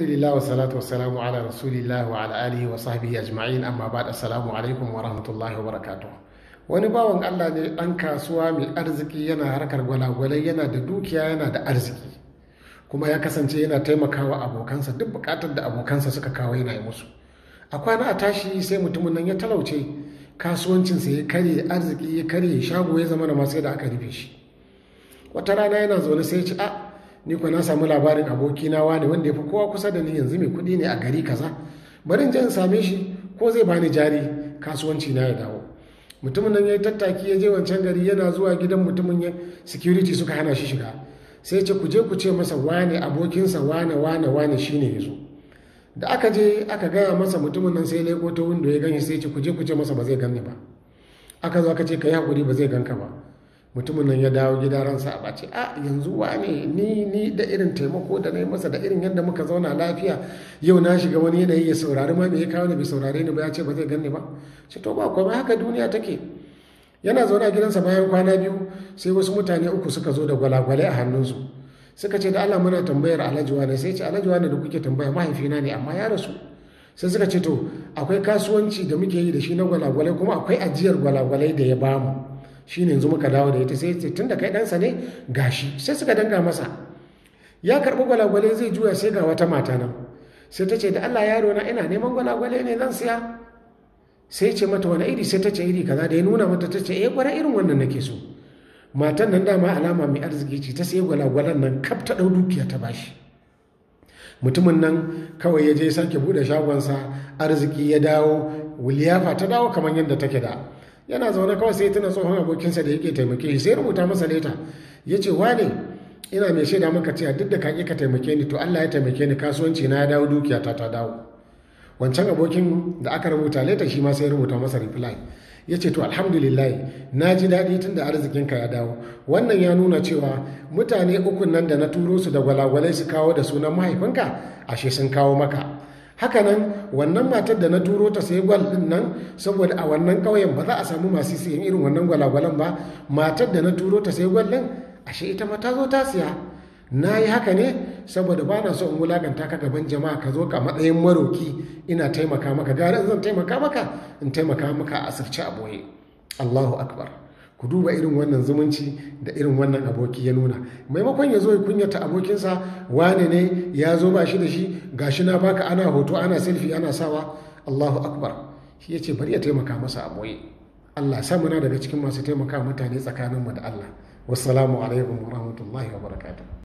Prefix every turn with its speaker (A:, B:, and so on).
A: alhamdulillah wa salatu wa salamu ala rasulillah wa ala alihi wa sahbihi ajma'in amma ba da salamu alaikum wa rahmatullahi wa barakatuh wani bawan Allah ne dan kasuwa mai arziki yana harkar gwalagwale, yana da dukiya yana da arziki kuma ya kasance yana taimakawa abokansa duk bukatar da abokansa suka kawo yana yi musu a kwana a tashi sai mutumin nan ya talauce kasuwancinsa ya karye arziki ya karye shago ya zama na masu da aka rufe shi wata rana yana zaune sai ya ci a ah, ni ko na samu labarin abokina wane wanda ya fi kowa kusa da ni yanzu mai kuɗi ne a gari kaza bari in same shi ko zai bani jari kasuwanci na ya dawo mutumin nan ya yi tattaki ya je wancan gari yana zuwa gidan mutumin ya security suka hana shi shiga sai ce ku je ku ce masa wane abokinsa wane wane wane shine ya zo da aka je aka gaya masa mutumin nan sai leko ta windo ya gani, sai ce ku je ku ce masa ba zai gan ba aka zo aka ce ka yi hakuri ba zai ganka ba mutumin nan ya dawo gida ransa a ce a yanzu ne ni ni da irin taimako da na yi masa da irin yadda muka zauna lafiya yau na shiga wani yanayi ya saurari ma bai kawo ni bai saurare ni ba ya ce ba zai ganni ba ce to ba komai haka duniya take yana zaune a gidansa bayan kwana biyu sai wasu mutane uku suka zo da gwalagwale a hannunsu suka ce da Allah muna tambayar Alhaji ne sai ce Alhaji ne da kuke tambaya mahaifina ne amma ya rasu sai suka ce to akwai kasuwanci da muke yi da shi na gwalagwale kuma akwai ajiyar gwalagwale da ya bamu shine yanzu muka dawo da ita sai ce tunda kai ɗansa ne gashi sai suka danga masa ya karɓi gwalagwale zai juya sai ga wata mata nan sai ta ce da Allah yaro na ina neman gwalagwale ne zan siya sai ce mata wani iri sai ta ce iri kaza da ya nuna mata ta ce eh kwarai irin wannan nake so matan nan dama alama mai arziki ce ta sai gwalagwalan nan kaf ta ɗau dukiya ta bashi mutumin nan kawai ya je sake buɗe shagonsa arziki ya dawo wuliyafa ta dawo kamar yadda take da yana zaune kawai sai tuna tsohon abokinsa da yake taimake shi sai rubuta masa leta ya ce wane ina mai shaida maka cewa duk da ka ka taimake ni to Allah ya taimake ni kasuwanci na ya dawo dukiyata ta dawo wancan abokin da aka rubuta leta shi ma sai rubuta masa reply ya ce to alhamdulillah na ji daɗi tun da arzikinka ya dawo wannan ya nuna cewa mutane ukun nan da na turo su da gwalagwalai su kawo da sunan mahaifinka ashe sun kawo maka hakanan wannan matar da na turo ta sai gwal din nan saboda a wannan ƙauyen ba za a samu masu siyan irin wannan gwalagwalan ba matar da na turo ta sai gwal din ashe ita ma ta zo ta siya na yi haka ne saboda ba na so in wulaganta ka gaban jama'a ka zo ka matsayin maroki ina taimaka maka gara zan taimaka maka in taimaka maka a asirce a boye allahu akbar ku duba irin wannan zumunci da irin wannan aboki ya nuna maimakon ya zo ya kunyata abokinsa wane ne ya zo ba shi da shi ga shi na baka ana hoto ana silfi ana sawa allahu akbar shi ya ce bari ya taimaka masa a boye allah sa muna daga cikin masu taimaka mutane tsakaninmu da allah wassalamu alaikum wa rahmatullahi wa barakatuh